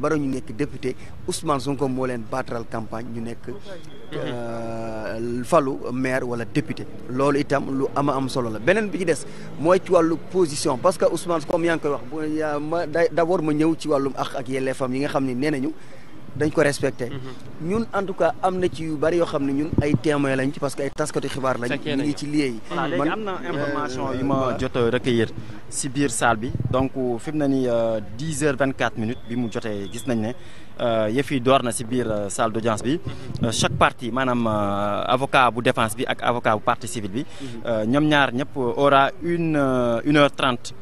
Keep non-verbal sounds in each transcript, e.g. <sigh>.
baro ñu nekk député Ousmane Sonko moo leen baataral campagne ñu nekk euh, falu maire wala député loolu itam lu ama am solo la beneen bi ci des mooy ci wàllu position parce que Ousmane comme yaa ngi koy wax bu ma d'abord ma ñëw ci wàllum ak ak yelleefam yi nga xam ne nee nañu dañ ko respecté. Mhm. ñun en tout cas am na ci yu bari yoo xam ne ñun ay témoin lañ ci parce que ay taskatu xibaar lañ. ñu ngi ci lié am na euh, information euh, yi ma jot a recueillir si biir salle bi. donc fi mu ne nii euh, dix heures vingt quatre minutes bi mu jotee gis nañ ne yëf yi door na si biir salle d' bi. Mhm. chaque partie maanaam avocat bu défense bi ak avocat bu partie civile bi. Mhm. ñoom ñaar ñëpp aura une une heure trente.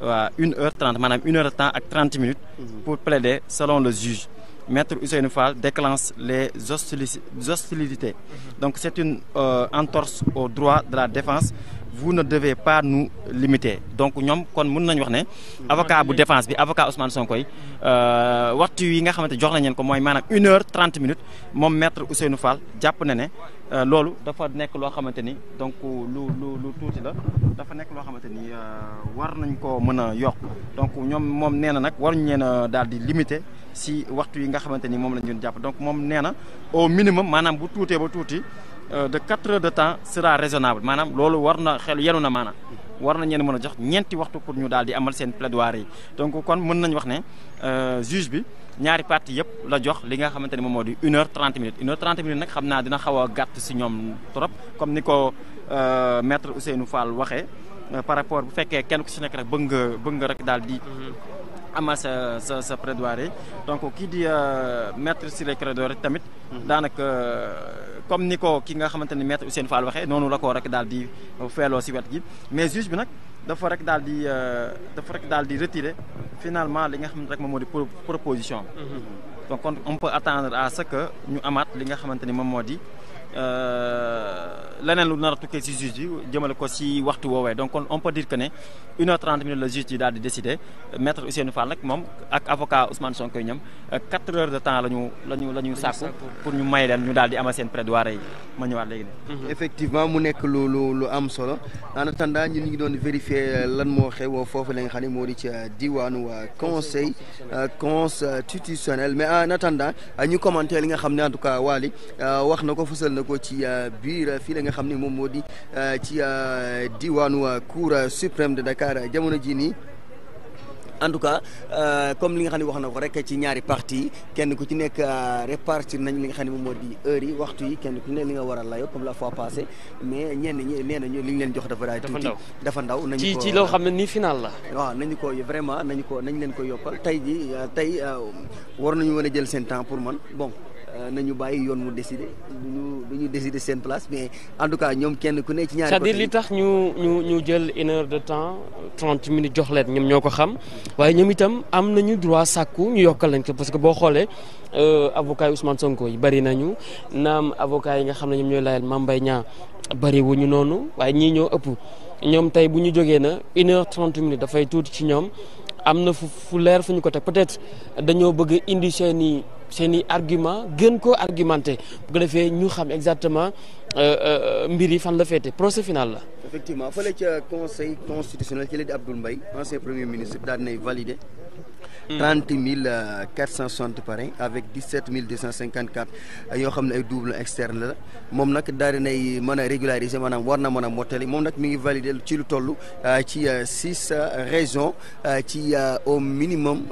waa une heure trente maanaam une heure de temps ak trente minutes. pour plaider selon le juge. Maître Ousseynou Fall déclance les hostilités. Mhm. Donc c'est une euh, entorse au droit de la défense. vous ne devez pas nous limiter donc ñoom kon mun nañu wax ne avocat bu défense bi avocat Ousmane son yi mhm. Euh, waxtu yi nga xamante jox na ñeen ko mooy maanaam une heure trente minutes moom maître Ousseynou Fall jàpp na ne euh, loolu dafa nekk loo xamante ni donc lu lu lu tuuti la dafa nekk loo xamante ni euh, war nañ ko mën a yokk donc ñoom moom nee na nag waruñu leen daal di limiter si waxtu yi nga xamante ni moom lañ doon jàpp donc moom nee na au minimum maanaam bu tuutee ba tuuti de quatre heures de temps sera raisonnable maanaam loolu war na xel yenu na maanaam. war nañ ñeen mën a jox ñeenti waxtu pour ñu daal di amal seen plaidoirie yi wax ne. Euh, juge bi ñaari parti yëpp la jox li nga xamante ni moom moo di une heure trente minutes une heure trente minutes nag xam naa dina xaw a gàtt si ñoom trop comme ni ko euh, maître Ousseynou Fall waxee euh, par rapport bu fekkee kenn ku si nekk rek bëgg nga bëgg nga rek daal di. Mhm. amal sa sa sa prédoire donc kii di euh, maître Ciré Clédor tamit. Mhm. daanaka euh, comme ni ko ki nga xamante ni maître Ousseynou Fall waxee noonu la ko rek daal di feeloo si wet gi mais juge bi nag dafa rek daal di euh, dafa finalement li nga xam ne rek moom moo di proposition mhm. donc on peut attendre à ce que ñu amaat li nga xamante ni moom Euh, leneen lu nar a tukkee si juge yi jëmale ko si waxtu woowee donc on peut dire que ne une heure trente minutes la juge yi daal di décidé maître Ousseynou Fall nag moom ak avocat Ousmane Sonko ñoom euh, quatre heures de temps la ñu la ñu pour ñu may leen ñu daal di ama seen prédoire yi ma ñëwaat léegi ne mhm. effectivement mu nekk lu lu am solo en ñu ngi doon vérifier euh, lan moo xew foofu la xam ne moo di ci diwaanu conseil constitutionnel mais ko ci euh, biir fii la nga xam ne moom moo di euh, ci euh, diwaanu cour suprême de Dakar jamono jii nii. en tout cas comme li nga xam ne wax na ko rek ci ñaari parti kenn ku ci nekk répartir nañ li nga xam ne moom moo di heure yi waxtu yi kenn ku ne li nga war a layoo comme la fois passée mais ñenn ñi nee nañu li ñu leen jox dafa daay tuuti dafa ndaw nañu ko ci ci loo xam ne nii final la waaw nañu ko vraiment nañu ko nañ leen ko yokkal tey ji tey war nañu mën a jël seen temps pour man bon Euh, nañu bàyyi yoon mu décider duñu duñu décider seen place mais en tout cas ñoom kenn ku ne ci ñaari cest tax ñu ñu ñu jël une heure de temps trente minutes jox leen ñoom ñoo ko xam waaye ñoom itam am nañu droit sàkku ñu yokkal lañ ko parce que boo xoolee euh, avocat yi Ousmane Sonko yi bari nañu naam avocat yi nga xam ne ñoom ñooy layal Mame Mbaye Niang bari wuñu noonu waaye ñii ñoo ëpp ñoom tey bu ñu jógee na une heure trente minutes dafay tuuti ci ñoom am na fu leer fu seen i argument gën ko argumenté bu ko defee ñu xam exactement euh, euh, mbir yi fan la féete procès final la. effectivement fële ca conseil constitutionnel ci la di Abdoul Mbaye ancien premier ministre daal di trente mille euh, quatre cent soixante parrain avec dix sept mille deux cent cinquante quatre euh, yoo xam ne ay double externe la moom nag daal di nay mën a régulariser maanaam a mottali moom nag mi ngi validé ci lu toll euh, ci six régions ci au minimum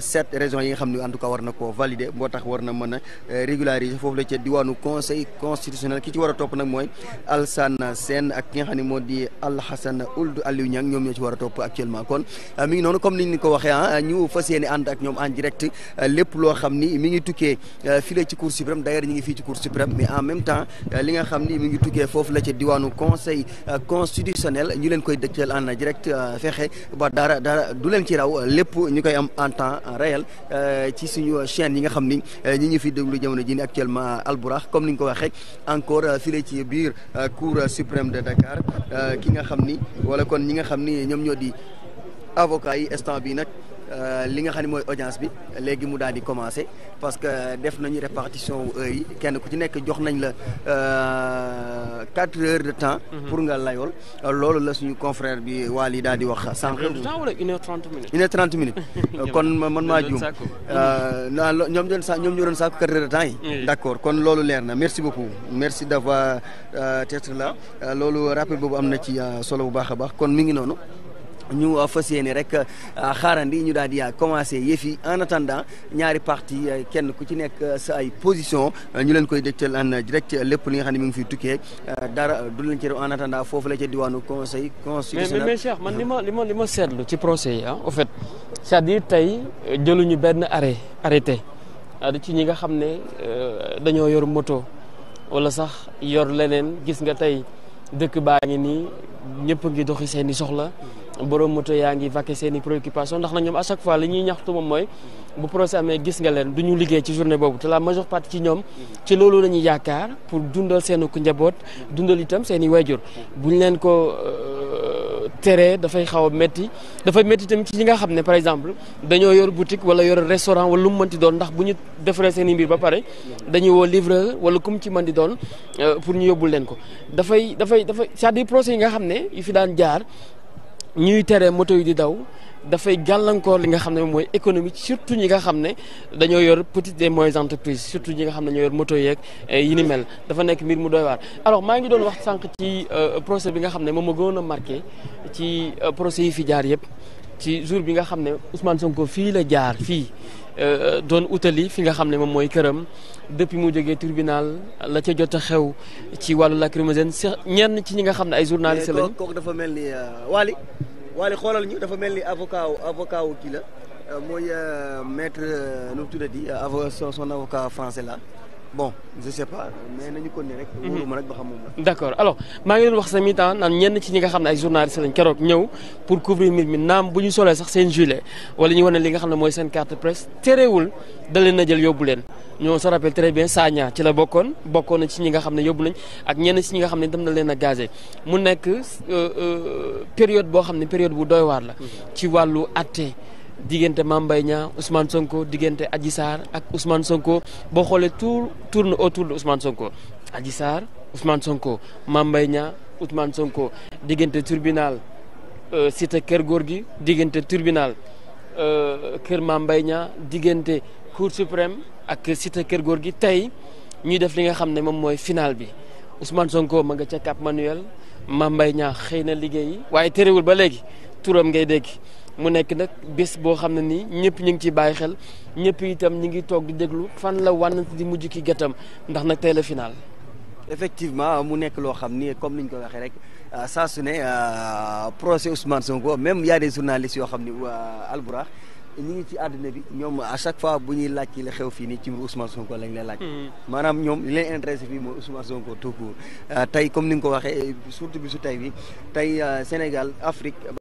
sept régions yi nga xam ne en tout cas war na koo valider moo tax war na mën a régulariser foofu la ca diwaanu conseil constitutionnel ki ci war a topp nag mooy Alsana Sène ak ki nga xam ne moo di Alhassane Ould Aliou Niang ñoom ñoo ci war a topp actuellement kon ñu fas yéene ànd ak ñoom en direct euh, lépp loo xam ni mi ngi tukkee euh, file ci cour suprême d'ailleurs ñu ngi fii ci cour suprême mais en même temps euh, li nga xam ni mi ngi tukkee foofu la ca diwaanu conseil constitutionnel ñu leen koy dëkkal en direct fexe ba dara dara du leen ci raw lépp ñu koy am en temps réel ci suñu chaîne yi nga xam ni ñi ngi fi déglu jamono ji ni actuellement Alburax comme ni nga ko waxee encore file ci biir cour suprême de Dakar ki nga xam ni wala kon ñi nga xam ni ñoom di Euh, li nga xam ne mooy audience bi léegi mu daal di commencer parce que def nañu répartition wu heures yi kenn ku ci nekk jox nañ la euh, quatre heures de temps. Mhm. pour nga layool loolu la suñu confrère bi Waly daal di wax sànq. une heure trente minutes. une heure trente minutes <laughs> kon man maa juum euh, naa ñoom doon sa ñoom ñu doon sàkku quatre heures de temps yi. d'accord kon loolu leer na merci beaucoup merci d'avoir été là loolu rappel boobu am na ci solo bu baax a baax kon mi ngi noonu. ñu fa yéene rek euh, xaarandi ñu daal di euh, commencé yëf yi en attendant ñaari parti euh, kenn ku ci nekk sa ay position ñu leen koy dégtal en direct lépp li nga xam ne mi ngi fiy tukkee dara du leen ci en attendant foofu la ca diwaanu conseil constitutionnel. mais mais Cheikh man li ma li ma li ma seetlu ci procès yi ah au fait cest tey jëluñu benn arrêt arrêté ci ñi nga xam ne dañoo yor moto wala sax yor leneen gis nga tey dëkk baa ngi nii ñëpp ngi doxi seeni soxla. borom moto yaa ngi vaquer seen i préoccupation ndax nag ñoom à chaque fois li ñuy mooy bu procès amee gis nga leen du ñu liggéey ci journée boobu te la majeure partie ci ñoom ci loolu la yaakaar pour dundal seen ku njaboot dundal itam seeni i waajur buñ leen ko euh, tere dafay xaw a métti dafay métti tamit ci ñi nga xam ne par exemple dañoo yor boutique wala yor restaurant wala lu mu mën di doon ndax bu ñu defaree seen mbir ba pare dañuy woo livreur wala kum ci mën di doon euh, pour ñu yóbbul leen ko dafay dafay dafay cest à yi nga xam ne yu fi daan jaar ñuy tere moto yi di daw dafay gàllankoor li nga xam ne mooy économie surtout ñi nga xam ne dañoo yor petites de moyennes entreprises surtout ñi nga xam ne ñoo yor moto yeeg eh, yi ni mel dafa nekk mbir mu doy waar. alors maa ngi doon wax sànq ci euh, procès bi nga xam ne moom ma gënoon a marqué ci euh, procès yi fi jaar yëpp ci jours bi nga xam ne Ousmane Sonko fii la jaar fii. Euh, doon utali fi nga xam ne moom mooy këram depuis mu jógee tribunal la ca jot a xew ci wàllu lacrymogène ñenn ci ñi nga xam ne ay journaliste lañu kooku dafa mel ni Wally Waly xoolal ñu dafa mel ni avocat wu avocat kii la euh, mooy euh, maître euh, nu mu di son avocat français la bon je sais pas mais nañu ko ne rek. Mhm. wóoruma rek ba xam moom la. d' maa ngi leen wax sami temps ah, naan ñenn ci ñi nga xam ne ay journalistes lañ keroog ñëw pour couvrir mbir mi naam bu ñu solee sax seen gilet wala ñu wane li nga xam ne mooy seen carte presse terewul da leen a jël yóbbu leen. ñoo se rappelle très bien Sagna ci la bokkoon bokkoon na ci ñi nga xam ne yóbbu nañ ak ñenn ci ñi nga xam ne dem na leen a gazé mu nekk euh, euh, période boo xam ne période bu doy waar la. Mhm. ci wàllu diggante Mame Mbaye Niang Ousmane Sonko diggante Adji Sarr ak Ousmane Sonko boo xoolee tout tourne autour de Ousmane Sonko Adji Sarr Ousmane Sonko Mame Mbaye Niang Ousmane Sonko diggante tribunal euh, cité kër góor gi diggante tribunal euh, kër Mame Mbaye Niang diggante cour suprême ak cité kër góor gi tey ñuy def li nga xam ne moom mooy final bi Ousmane Sonko ma nga ca Cap Manuel Mame Mbaye Niang xëy na liggéeyi waaye terewul ba léegi turam ngay dégg. mu nekk nag bés boo xam ne nii ñëpp ñu ngi ciy bàyyi xel ñëpp itam ñu ngi toog di déglu fan la wànnant di mujj ki gàttam ndax nag tey la final. effectivement mu nekk loo xam ni comme ni ñu ko waxee rek euh, saa su ne euh, procès Ousmane Sonko même y a des yoo xam ni euh, Alburax ñu ngi ci àdduna bi ñoom à chaque fois bu ñuy laaj ci xew fii nii ci Ousmane Sonko lañ lay laaj. Hmm. maanaam ñoom li leen intéressé fii mooy Ousmane Sonko tout court tey comme ni nga ko waxee surtout bi su tey bi tey Sénégal Afrique.